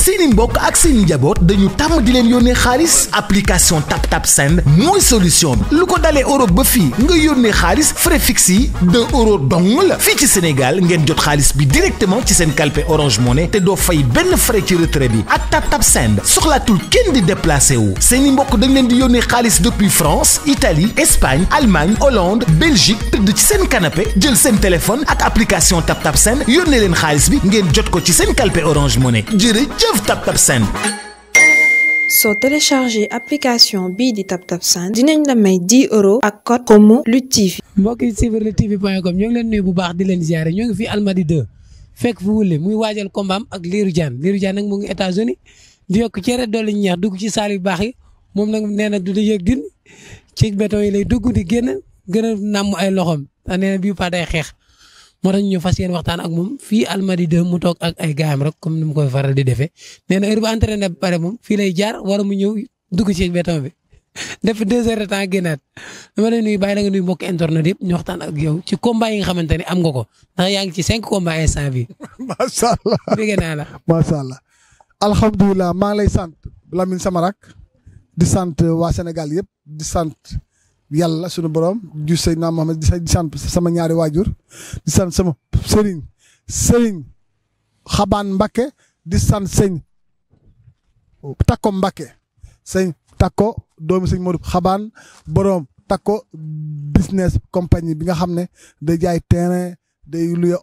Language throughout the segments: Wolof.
seeni mbokk ak seeni njaboot dañu tàmm di leen yónnee xaalis application tap Send mooy solution bi lu ko dalee Europe ba fii nga yónnee xaalis frais fixe yi deux donc dong la fii ci Sénégal ngeen jot xaalis bi directement ci seen kalpe Orange Money te doo fay benn frais ci retrait bi ak TapTap Send soxlatul kenn di déplacé wu seeni mbokk dañ leen di yónnee xaalis depuis France Italie Espagne Allemagne Hollande Belgique tëdd ci seen kanape jël seen téléphone ak application TapTap Send yónnee bi ngeen jot ko ci seen kalpe Orange Money jërëjëf jërëjëf TapTap Send soo téléchargé application bii di TapTap Send nañ la may 10 euros ak code lu Lutte TV. mbokk yi suivre Lutte TV point com ñoo leen nuyu bu baax di leen ziare ñoo ngi fi Almadi 2 fek fu wulle muy waajal kombaam ak Lirou Diane Lirou jaan nag mu ngi États-Unis di yokk cere dolli ñeex dugg ci saal yu baax yi moom nag nee na du di yëg din ci béton yi lay dugg di génn gën a nàmm ay loxoom nee na bii pa xeex. moo tax ñu fas yéen waxtaan ak moom fii Almadi 2 mu toog ak ay gaayam rek ni mu koy faral di defee nee na heure bu entraîné ba pare moom fii lay jaar wara mu ñëw dugg ci béton bi def deux heures de temps génnaat dama lay nuyu bàyyi la nga nuyu mbokk internet yëpp ñu waxtaan ak yow ci combat yi nga xamante ne am nga ko yaa ngi ci cinq combat instant bi macha allah dégg naa la macha allah maa ngi lay sant Lamine sama rak di sant waa Sénégal yëpp di sant yàlla sunu borom ju Seydina Mohamed di sant sama ñaari waajur di sant sama sëriñ sëriñ xabaan Mbakke di sant sëñ takko Mbakke sëñ takko doomi sëñ Modou xabaan borom takko business compagnie bi nga xam ne day jaay terrain day luye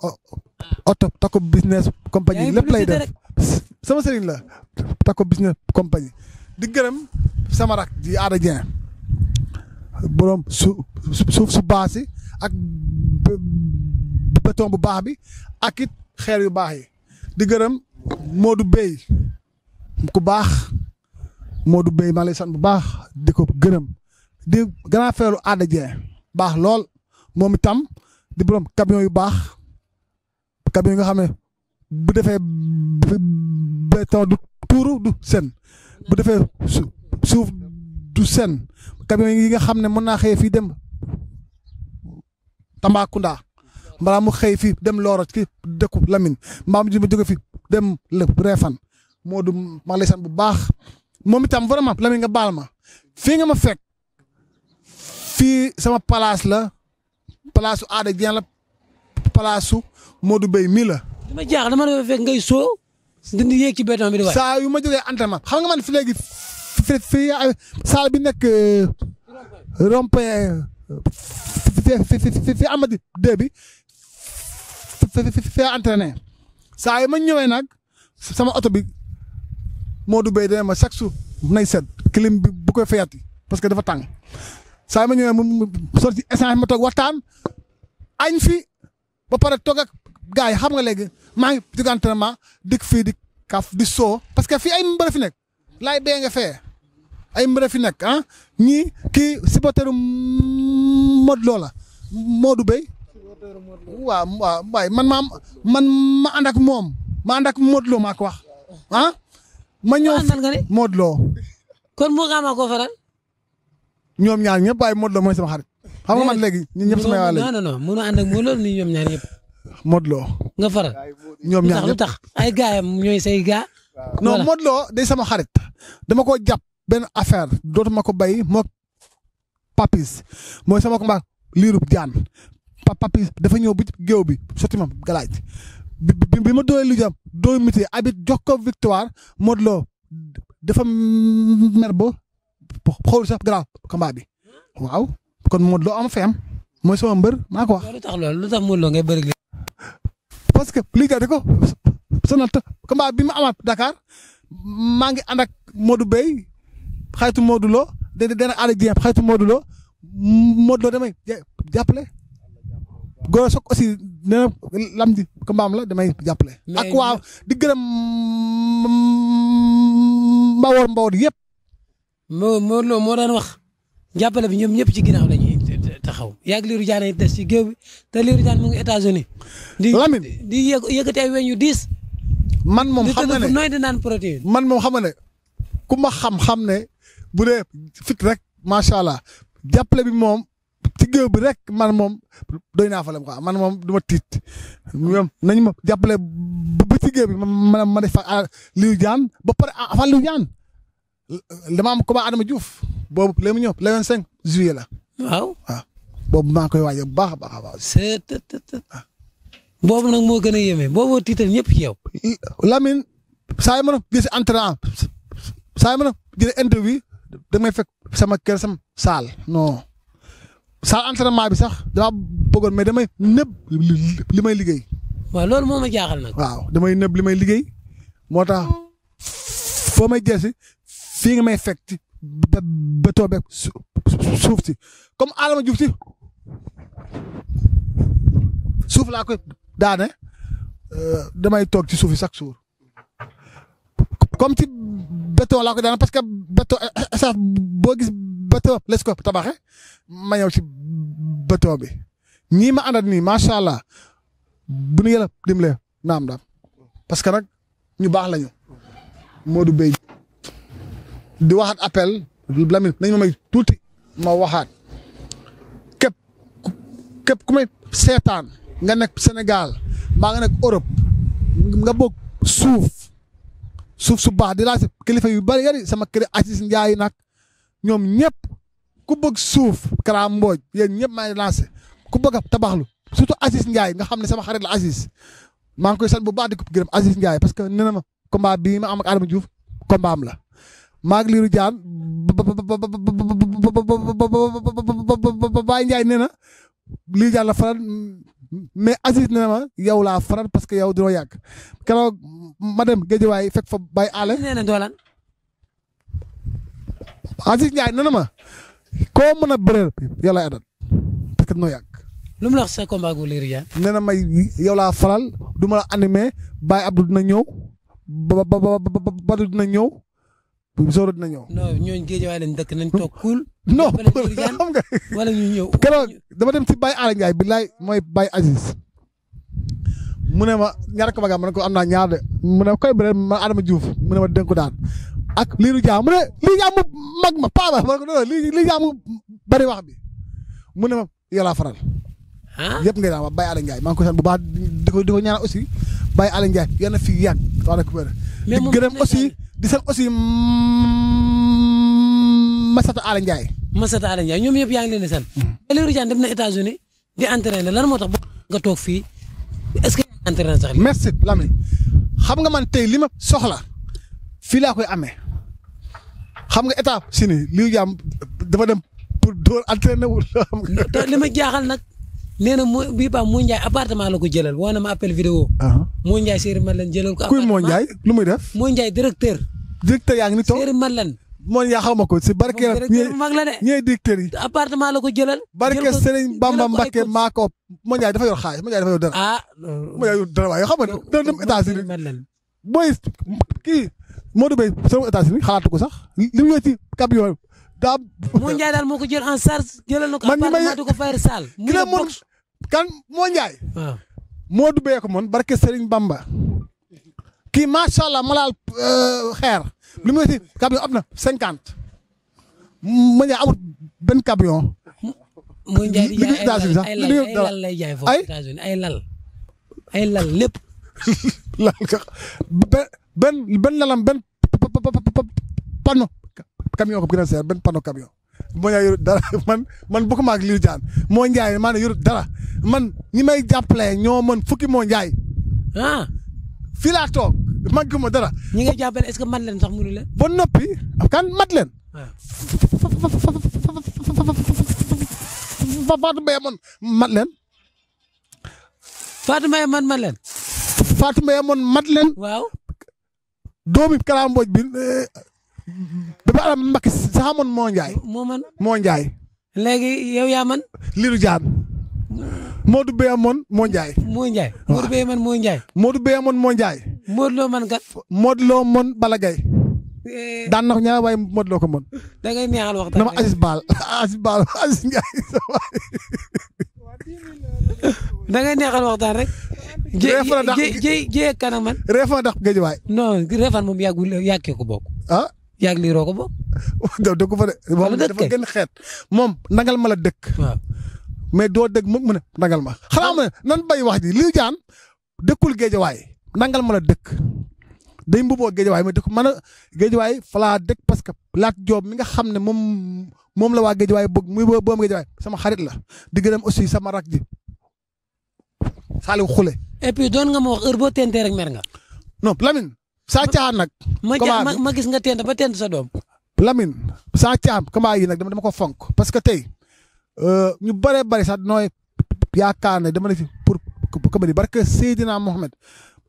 oto takko business compagnie lépp lay def sama sëriñ la takko business compagnie di gërëm sama rak di aada Dieng boroom su suuf su baax si ak béton bu baax bi ak it xeer yu baax yi di gërëm moo du Bey ku baax Modou Bey maa lay sant bu baax di ko gërëm di grand frère Ada Dieng baax lool moom itam di borom camion yu baax camion nga xam ne bu defee béton du tuuru du sen bu defee suuf. du seen camion yi nga xam ne mën naa xëy fii dem Tambacounda mbaa mu xëy fii dem Looro ci dëkku Lamine mbaa mu jóge fi dem le Réfane moo du ma bu baax moom itam vraiment Lamine nga baal ma fii nga ma fekk fii sama palaas la palaasu aada Dieng la palaasu Modou Bey mii la. dama jaaxal dama fekk ngay soo. dindi yéeg ci béton bi di waay. saa yu ma jógee entraînement xam nga man fi léegi fii saal bi nekk euh, rond-point euh, fi Amady Dé bi fi entraîné saa yi ma ñëwee nag sama oto bi Modou Bey dana ma chaque jour nay set clim bi bu koy fayati parce que dafa tàng saa yi ma ñëwee mu sorti essence ma toog añ fi ba pare toog ak gars yi xam nga léegi maa ngi jóg di kaf di soo parce que fii ay mbër fi nekk laay bee fee. ay mbër fi nekk ah, ñii kii supporteru Modou Lo la Modou Bey waaw waaw man maa man ma ànd ak moom ma ànd ak maa ko wax ah. ma ñëw Modou Lo. kon moo xamaa ko faral. ñoom ñaar ñëpp waaye Modou Lo mooy sama xarit. xam nga man eh, léegi ñun ñëpp sama waa léegi. non non non ñoom ñaar ñëpp. Modou Lo. nga faral ñoom ñaar ñëpp lu tax ay gaayam ñooy say gaa. Lo day sama xarit dama ko jàpp. benn affaire dootuma ko bay moo papis mooy sama combat liirub jaan papis dafa ñëw bi géew bi sotti ma galaaj bi bi ma doolee lu jam dooy miti abit jox ko victoire Modou Lo dafa mer ba xool sax waaw kon Modou Lo am mooy sama mbër maa ko wax. parce que lii jaate ko sonal combat bi ma amaat Dakar maa ngi ànd ak Modou Bey xaytu Modou Lo da dana àll ji xaytu Modou Lo Modou Lo damay jàppale. Gora Sock aussi la damay jàppale. ak waa di gëna mbawoor mbawoor yëpp. moo moo loo moo daan wax jàppale bi ñoom ñëpp ci ginnaaw la ñuy taxaw yàgg liiru jaan yi des te liiru diis. man moom xam nga ne di tëdd fu man moom xam nga xam xam ne bu dee fit rek macha allah jàppale bi moom ci bi rek man moom doy naa fa la man moom du tit tiit ñoom nañ ma jàppale bi ma ma def ak liw jaan ba pare ah, afa liw jaan dama am combat Adama Diouf boobu la mu ñëw le juillet la. waaw ah, boobu maa ngi koy waajal bu baax a baax a baax. boobu nag moo gën a yéeme boobu tiital ñëpp yow. Lamine saa yu ma gis entrain saa yu ma interview da may fekk sama kër sam saal non saal entraînement bi sax damaa bëggoon mais damay nëb li may liggéey. waa loolu moo ma jaaxal nag. waaw damay nëb li may liggéey moo tax foo may jeesi fii nga may fekk ci ba bétoo beeg suuf si comme Adama Diouf si suuf laa koy daane euh, damay toog ci suuf si chaque jour comme ci. béton laa ko daana parce que beto essence boo gis béton les ko tabaxee ma ci béton bi ñii ma àndat nii macha allah bu nu yàlla naam daam parce que nag ñu baax la lañu Modou Bey di waxaat appel Lamine nañ ma may tuuti ma waxaat képp képp ku may seetaan nga nekk Sénégal mbaa nga nekk Europe nga bëgg suuf. suuf su baax di laa si kilifa yu bëri yëri sama kër Aziz Ndiaye nag ñoom ñëpp ku suuf Kara mbooj yéen ñëpp maa ngi lancé ku bëgg a tabaxlu surtout Aziz Ndiaye nga xam ne sama xarit la Aziz maa ngi koy sant bu baax di ko gërëm Aziz Ndiaye parce que nee na ma combat bii ma am ak Adama Diouf combat am la maa ngi liiru jaan Baye Ndiaye nee na liiru jaan la faral mais Aziz nee na ma yow laa faral parce que yow doo yàgg keroog ma dem géejewaay fekk fa bay aale. nee na doolaan. Aziz Ndiaye nee na ma a bëreel yow laay àndal parce que doo yàgg. lu mu la wax sa combat gu Lirou Diane. nee la animé Baye Abdou dina ñëw ba ba ba Badou dina ñëw. bu soobee dina ñëw. non ñooñu géejewaay lañ dëkk nañ toog kuul. non xam nga wala ñu ñëw. keroog dama dem ci Baye Aly Ndiaye billaay mooy Baye Aziz. mu ne ma ñaar ko ma ne ko am naa ñaar de mu ne koy bëre ma Adama Diouf mu ne ma dénku daan ak liiru jaam mu ne lii jaamu mag ma paaba ma ne ko non lii lii jaamu bari wax bi mu ne ma yàlla faral. yëpp nga ma Baye Aly Ndiaye maa ngi ko bu baax di ko aussi Baye Aly Ndiaye yal na fi yàgg wax na aussi. di sant aussi mm, Massata Ala Ndiaye. Massata Ala Ndiaye ñoom yëpp yaa ngi leen di sant. Eliou mm. dem na États-Unis di entraîner lan moo tax ba nga toog fii est-ce que entraîner sax. merci Lamine xam nga man tey li ma soxla fii laa koy amee xam nga étape si ni Eliou Diane dafa dem pour door entraîner wul. li ma jaaxal nag. nee na moo bii paa moo Ndiaye appartement la ko jëlal woo na ma appel vidéo. moo Ndiaye Serigne Madeleine jëlal ko. appartement kuy moo moo Ndiaye directeur. directeur yaa ngi ni toog Serigne Madeleine. moo Ndiaye ma ko si barke. directeur bu mag la de ko jëlal. barke Serigne Bamba Mbacke maa ko. moo Ndiaye dafa yor xaalis moo Ndiaye dafa yor dara. ah. moo Ndiaye yor dara waaye xam ko sax li mu yor ci camion daa. moo moo ko jël en charge jëlal na ko appartement du ko fayal saal. mu kan moo njaay ah. moo dubbee ko man barke Serigne Bamba kii macha allah ma laal euh, xeer li mu si camion am na cinquante ma njaay amut benn camion. muy njaay di jaay ay lay jaay foofu États-Unis ay lal ay lal lépp. lal ka benn benn lalam benn panno camion ko gën a seer benn panno moo njaay yorut dara man man bokkuma ak liir jaan moo njaay maa ne yorut dara. man ñi may jàppalee ñoo man fukki moo njaay. ah. fii laa toog màggu ma dara. ñi ngay jàppale est-ce que mat leen sax mënu leen. ba noppi kan mat leen. Ah. Fatou man mat leen. Fatou man mat leen. Fatou mat leen. waaw. doomi Kara Mbodj bi eh, ba alam mbakki sax moo njaay. moo man moo njaay. léegi yow yaa man. liiru Modou Beye moon moo Ndiaye. moo Ndiaye Modou Beye man moo Ndiaye. Modou Beye amoon moo Ndiaye. Modou Lo man kan. Modou Lo man Balla Gaye. Eh. daan na ko ñaar waaye Modou Lo ko mën. da ngay neexal waxtaan dama Aziz Baal Aziz Baal Aziz Ndiaye sa waay. neexal waxtaan rek. reefana dàq jé jé jé kanam man. reefana dàq géej waay. non reefan moom yàggul yàggee ko bokk. ah yàgg lii roo ko bokk. doo dëkk fa de. moom dafa xeet moom nangal ma la dëkk. mais doo dégg mu ne nangal ma xanaa ma nan bay wax ji liiru jaan dëkkul géejawaay nangal ma la dëkk day mbuboo géejawaay ma dëkk man a géejawaay falaa dëkk parce que laat joob mi nga xam ne moom moom la waa géejawaay mu boo boom géejawaay sama xarit la di gërëm aussi sama rak ji Saliou Khoule. et doon nga ma wax boo tentee rek mer nga. non Lamine. saa caaxaan nag. ma gis nga tent ba tent sa doom. Lamine saa caam combat yi nag dama dama ko fonk parce que tey. Euh, ñu bëree bëri sax nooy yaakaar ne dama ne fi pour comédie barke Seydina Mohamed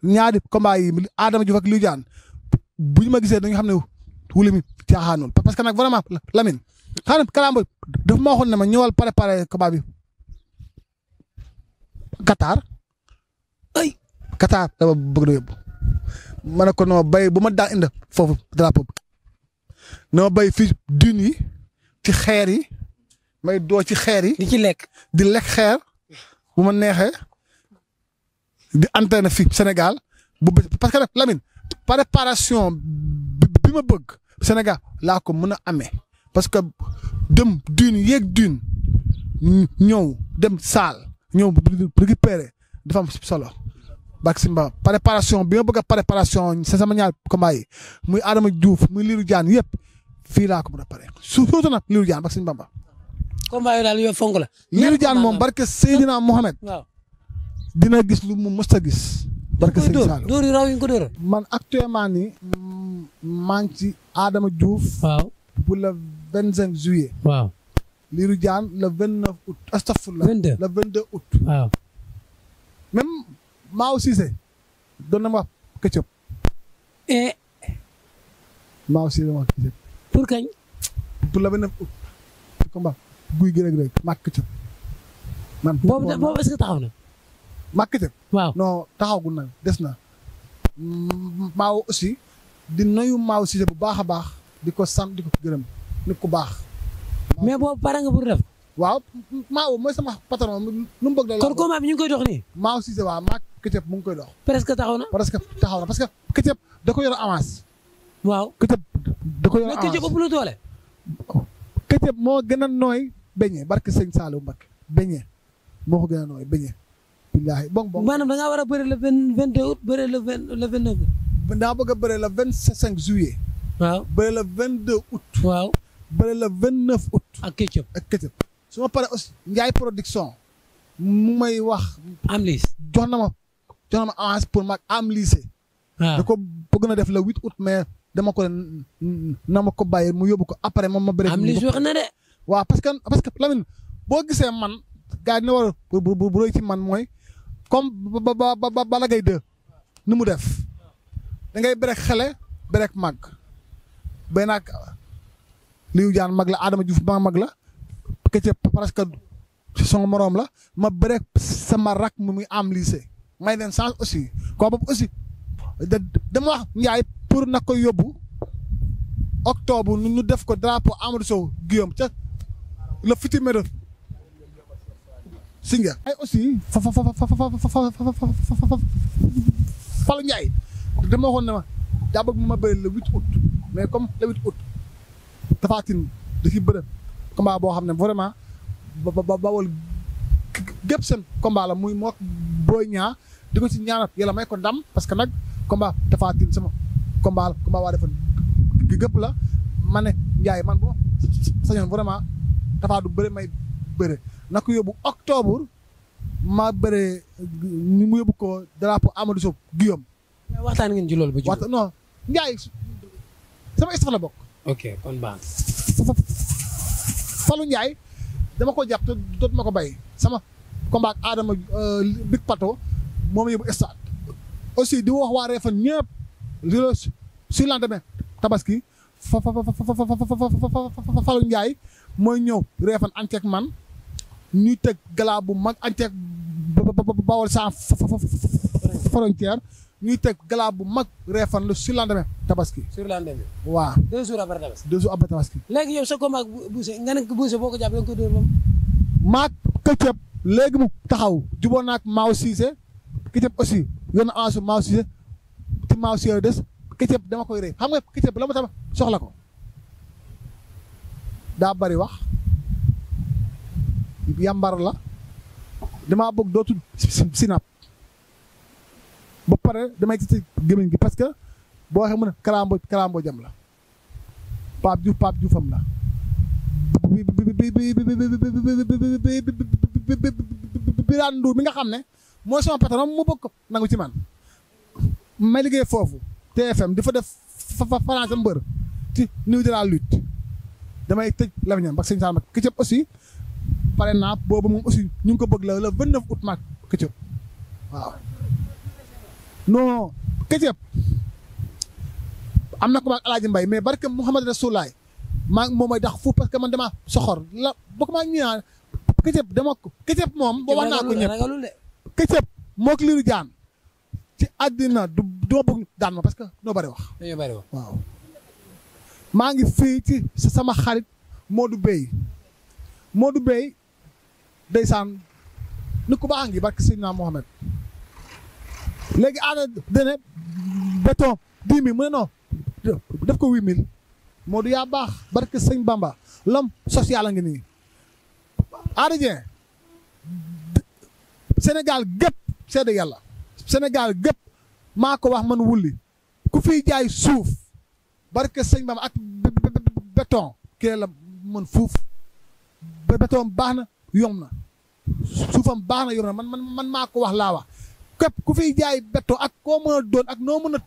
ñaari combat yi Adama Diouf ak Liu Diane bu ñu ma gisee dañu xam ne wuli mi caaxaanul parce que nag vraiment Lamine xanaa kalambo daf ma waxoon ne ma ñëwal dama bëgg na yóbbu ma ne ko noo bay bu ma daa indi foofu noo bay fii dun yi ci xeer yi may doo ci xeer yi. di ci lekk di lekk xeer bu ma neexee di entraîner fii Sénégal bu parce que nag Lamine préparation bi ma bëgg Sénégal laa ko mën a amee parce que dem dune yeeg dune ñëw dem saal ñëw récupérer dafa am solo. Bak Simba préparation bi ma bëgg a préparation sa sama ñaar combat yi muy Adama Diouf muy Lirou Diane yëpp fii laa ko mën a pare na nag Lirou Diane Bak Simba. combat yooyu daal barke Seydina Mohamed. dina gis lu mu mës gis. barke Seydina Saalum dóor yi raw yi ko dóor man actuellement nii. Mm, maa Adama Diouf. waaw pour le vingt cinq juillet. waaw Lirou Diane le vingt neuf août. astafurlah le vingt deux août. ma wax këccëb. et. Maaw Cissé ma wax këccëb. pour kañ. pour le vingt neuf août. guy gi rek rek màkk cëb. man boobu boobu est-ce que taxaw na. màkk cëb. waaw non taxawagul na des na. Mm, maaw aussi di nuyu maaw Cissé bu baax a baax di ko sant di ko gërëm nit ku baax. mais boobu pare nga pour def. waaw maaw mooy sama patron lu mu bëgg la. kon combat bi ñu ngi koy dox nii. maaw Cissé waaw maak Ketchup mu ngi koy dox. presque taxaw na. presque taxaw na parce que Ketchup da ko yor avance. waaw Ketchup da ko yor avance mais Ketchup ëpp lu doole. Ketchup moo gën a nooy beñe barke sëñ Saliou Mbacké beñe moo ko gën a nooy beñe billaahi bong bong maanaam da ngaa war a bëri le vingt vingt deux août bëri le vingt bëgg a bëri le vingt cinq juillet waaw bëri le vingt deux août waaw bëri le vingt neuf août ak këccëb ak këccëb aussi Ndiaye production mu may wax am liis jox na ma jox na ma am liise ah. da ko bëgg na def le huit août mais dama ko na ma ko bàyyi mu yóbbu ko après moom ma bëri am liis wax na de waaw parce que parce que Lamine boo gisee man gars yi ne war a bu bu ci man mooy comme ba ba ba Balla Gaye 2 nu mu def da ngay berek xale berek mag bay nag liu jaan mag la Adama Diouf ma mag la këcë presque son moroom la ma berek sama rak mu muy am lycée may leen chance aussi ko boobu aussi dama wax Ndiaye pour na ko yóbbu octobre nu def ko drapeau Amadou Sow Guillaume ca le futur maire Singa ay aussi fa fa fa fa Fallou Ndiaye dama waxoon ne ma daa bëgg ma bëri le huit août mais comme le huit août Tapha Tine da ciy bëre combat boo xam ne vraiment ba ba bawal gépp seen combat la muy moo booy ñaa di ko ci ñaanal yàlla may ko ndam parce que nag combat Tapha Tine sama combat la combat waa defoon gi la ma ne man bu ma sañoon vraiment Tapha du bëre may bëre na ko yóbbu octobre ma bëre mu yóbbu ko drapeau Amadou Sow Guillaume. mais ci loolu ba. waxtaan non Ndiaye sama staff la bokk. ok kon dama ko jàpp te dootuma ko bay sama combat ak Adama Big Pato moom yóbbu stade aussi di wax waa Réfan li la sur lendemain tabaski fa fa fa fa fa Fallou Ndiaye mooy ñëw reefan anteeg man ñuy teg galaa bu mag anteeg bawol sans frontière ñuy teg galaa bu mag reefan le surlendemain tabaski. surlendemain waaw. deux jours après tabaski. deux jours après tabaski. léegi yow sa combat buuse nga ne buuse boo ko jàpp da nga koy dóor moom. maag léegi mu taxaw jubóo naag Maaw Cissé këccëb aussi yor na avance Maaw Cissé te Maaw Cissé des këccëb dama koy rey xam nga këccëb la ma tam soxla ko. daa bari wax yàmbar la damaa bëgg dootu sinap ba pare damay gis gémmiñ gi parce que boo waxee mu ne kalambo kalambo jam la Pape Diouf Pape Dioufam la Birane Ndour mi nga xam ne mooy sama patron mu bëgg ko nangu ci man may liggéey foofu TFM di fa def fa faransa mbër ci niveau de la lutte damay tëj lamiñam ak sëñ Sall Mbacké Ketchup aussi pare naa boobu moom aussi ñu ngi ko bëgg la le vingt neuf août maak Ketchup waaw non Ketchup am na ko maag alaaji mbay mais barke Mouhamad Rasulaay maa moom mooy dax fu parce que man dama soxor la bokk maa ñu naan Ketchup dama ko moom boo wax naa ko ñëpp Ketchup mook liiru jaan ci àddina du duma bëgg daan ma parce que noo bari wax waaw maa ngi fii ci sama xarit Modou Bey moodu Bey ndeysaan ni ku baax ngi barke Seydina Mohamed léegi aada dene béton dix mille mu ne non def ko huit mille Modou yaa baax barke sëñ Bamba l'homme social a ngi nii aada Dieng Sénégal gépp seede yàlla Sénégal gépp maa ko wax man wulli ku fiy jaay suuf barke sëñ Bamba ak béton kee la mën fuuf béton baax na yomb na suufam baax na yomb na man man man maa ko wax laa wax képp ku fiy jaay beto ak koo mën a doon ak noo mën a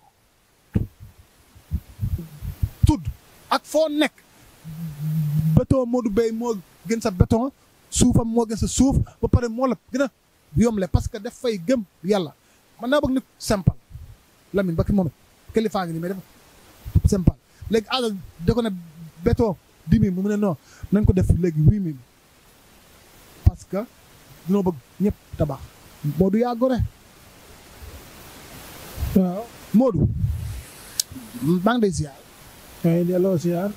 tudd ak foo nekk béton moo du béy moo gën sa béton suufam moo gën sa suuf ba pare moo la gën a yomble parce que daf fay gëm yàlla man naa bëgg nit simple Lamine ba ki moom kilifaa ngi nii mais dafa simple léegi àll da ko ne béton dix mille mu ne non nañ ko def léegi huit mille parce que dinoo bëgg ñëpp tabax Modou yaa gore waaw Modou maa ngi lay ziar. maa ngi delloo ziar.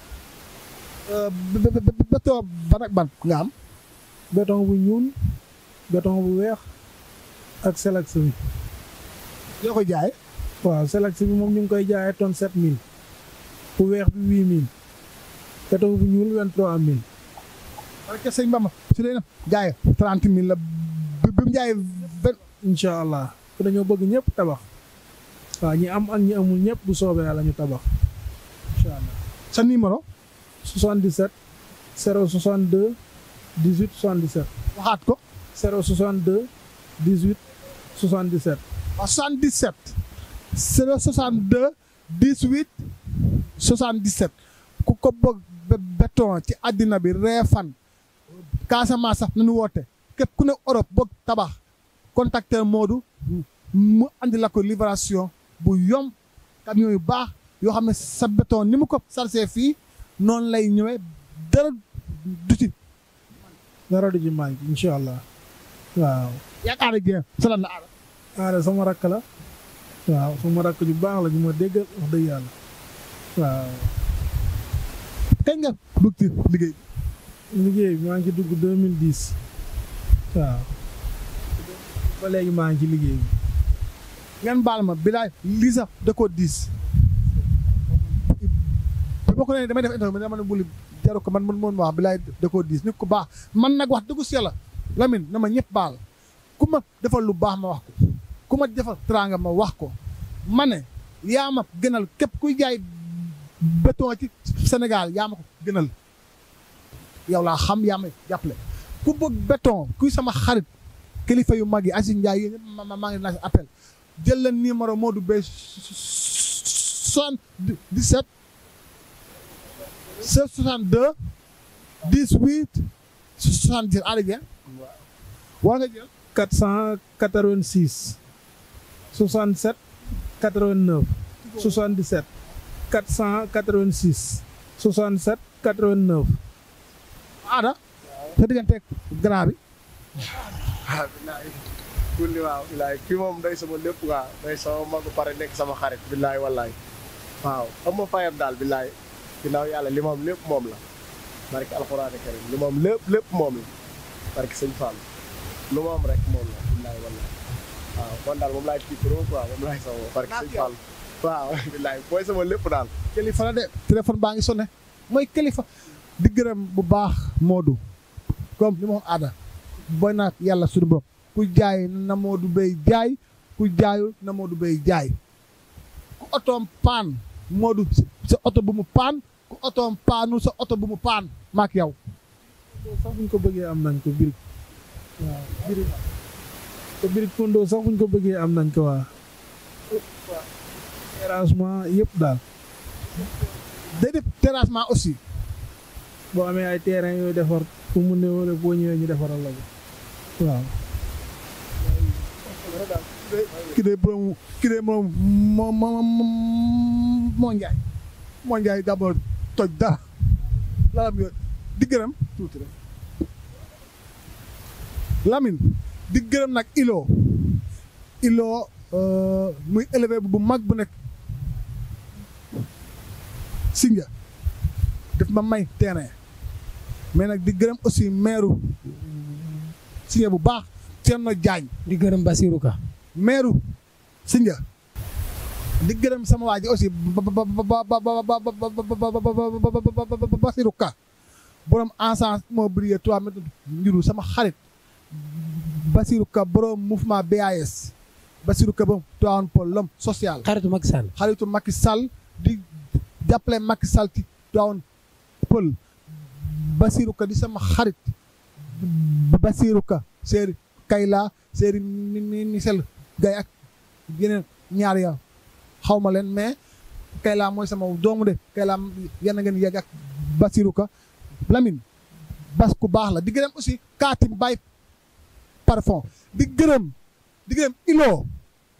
Euh, béton ban ban nga am. béton bu ñuul béton bu weex ak selex bi. yoo koy jaayee. waaw selex bi moom ñu ngi koy jaayee tonne set mille. bu weex bi huit mille oto bu ñuul vingt-trois mille wala kese sëñ Bamba su jaay trente mille la bi mu jaay benn incha allah te dañoo bëgg ñëpp tabax waaw ñi am ak ñi amul ñëpp bu soobee yàlla ñu tabax incha allah sa numéro 77 062 18 77 waxaat ko 062 18 77 waaw 77 062 18 77 ku ko bëgg béton ci àddina bi reefan Casamance sax nañu woote képp ku ne Europe bëgg tabax contacter Modou mu andi la ko livraison bu yomb camion yu baax yoo xam ne sa béton ni mu ko sarse fii noonu lay ñëwee dara du ci dara du allah waaw la aara aara sama rakk la waaw sama rakk ju baax la ñu ma dégg wax dëgg yàlla waaw. kañ nga dugg ci liggéey liggéey bi maa ngi ci dugg 2010 waaw ba léegi maa ngi ci liggéey bi. ngeen baal ma bilaay lii sax da koo diis. bi ma ko damay def interview dama ne bul jaru ko man man moon wax bilaay da koo diis nit ku baax man nag wax dëggu si yàlla Lamine na ma ñëpp baal ku ma defal lu baax ma wax ko ku ma defal teraanga ma wax ko ma ne yaa ma gënal képp kuy jaay. béton ci Sénégal yaa ma ko gënal yow laa xam yaa ma jàppale ku bëgg béton kuy sama xarit kilifa yu mag yi Aziz Ndiaye yéen ma maa ngi naan appel jël la numéro Modou Bey 77 762 18 70 Alioune. war nga jël. 486. 67 89. 77. 486 67 89. Ada. sa digganteeg grand bi. ah billaay kulli waaw billaay kii moom day sama lépp waaw day sama mag pare nekk sama xarit billaay wallaay waaw am ma daal billaay ginnaaw yàlla li moom lépp moom la barke alxuraani karim li moom lépp lépp moom la barke sëñ Fall lu moom rek moom la billaay wallaay waaw moom laay kii trop waaw moom laay sama barke sëñ Fall waaw bilaay mooy sama lépp daal. kilifa la de téléphone baa ngi sonné mooy kilifa di gërëm bu baax moodu comme li ma wax aada booy yàlla suñu bopp ku jaay na Modou Bey jaay ku jaayul na Modou Bey jaay ku otoom paan Modou sa oto bu mu paan ku otoom paanu sa oto bu mu paan maak yow. sax bëggee am nañ ko birig waaw te birig kondo sax buñ ko bëggee am nañ ko waa terrassement yëpp daal day def terrassement aussi boo amee ay terrain yooyu defar fu mu ne wala boo ñëwee ñu defaral la ko waaw ki dee borom ki dee borom moo moo njaay moo njaay d'abord toj dara lalam yo di gërëm tuuti rek Lamine di gërëm nag ilo ilo euh, muy élevé bu mag bu nekk Sinja daf ma may terrain mais nag di gërëm aussi maire Sinja bu baax Thierno Diagne. di gërëm Basirou Ka. maire Sinja di gërëm sama waa ji aussi Basirou Ka borom encense moo brillé trois mètres njuru sama xarit Basirou Ka borom mouvement BAS Basirou Ka ba mu tuwaan pour l'homme social. xaritu Macky Sall xaritu Macky Sall di. jàppale Macky Sall ci Tivaouane Peulh di sama xarit Basirou Ka Serigne Kayla Serigne Michel gay ak yeneen ñaar ya xaw ma leen mais Kayla mooy sama doomu de Kayla yenn ngeen yegg ak Basirou lamin Lamine bas ku baax la di gërëm aussi Katim Baye parfum di gërëm di gërëm Ilo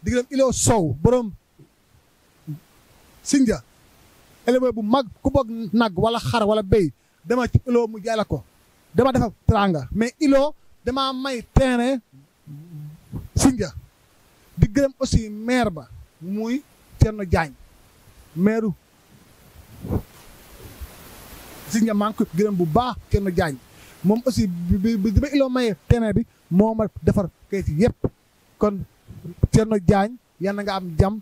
di gërëm Ilo Sow borom Sinja éleveur bu mag ku bëgg nag wala xar wala béy dama ci ilo mu jaay ko dama defar teraanga mais ilo damaa may terrain Sinja di gërëm aussi maire ba muy Thierno Diagne maire Sinja maa ngi koy gërëm bu baax Thierno Diagne moom aussi bi bi ba ilo may terrain bi moo ma defar kayit yépp kon Thierno Diagne yal na nga am jàmm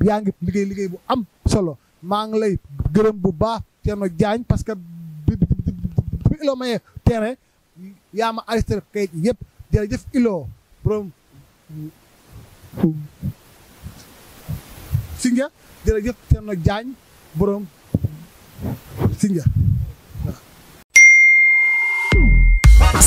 yaa ngi liggéey liggéey bu am solo. maa ngi lay gërëm bu baax Thierno Diagne parce que bi ilo mayee terrain yaa ma arrêté kayit yëpp jërëjëf ilo borom Sinja jërëjëf Thierno jaañ borom Sinja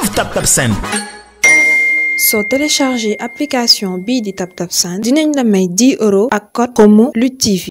love TapTap Send soo bii di TapTap Send dinañ la may 10 euros ak code promo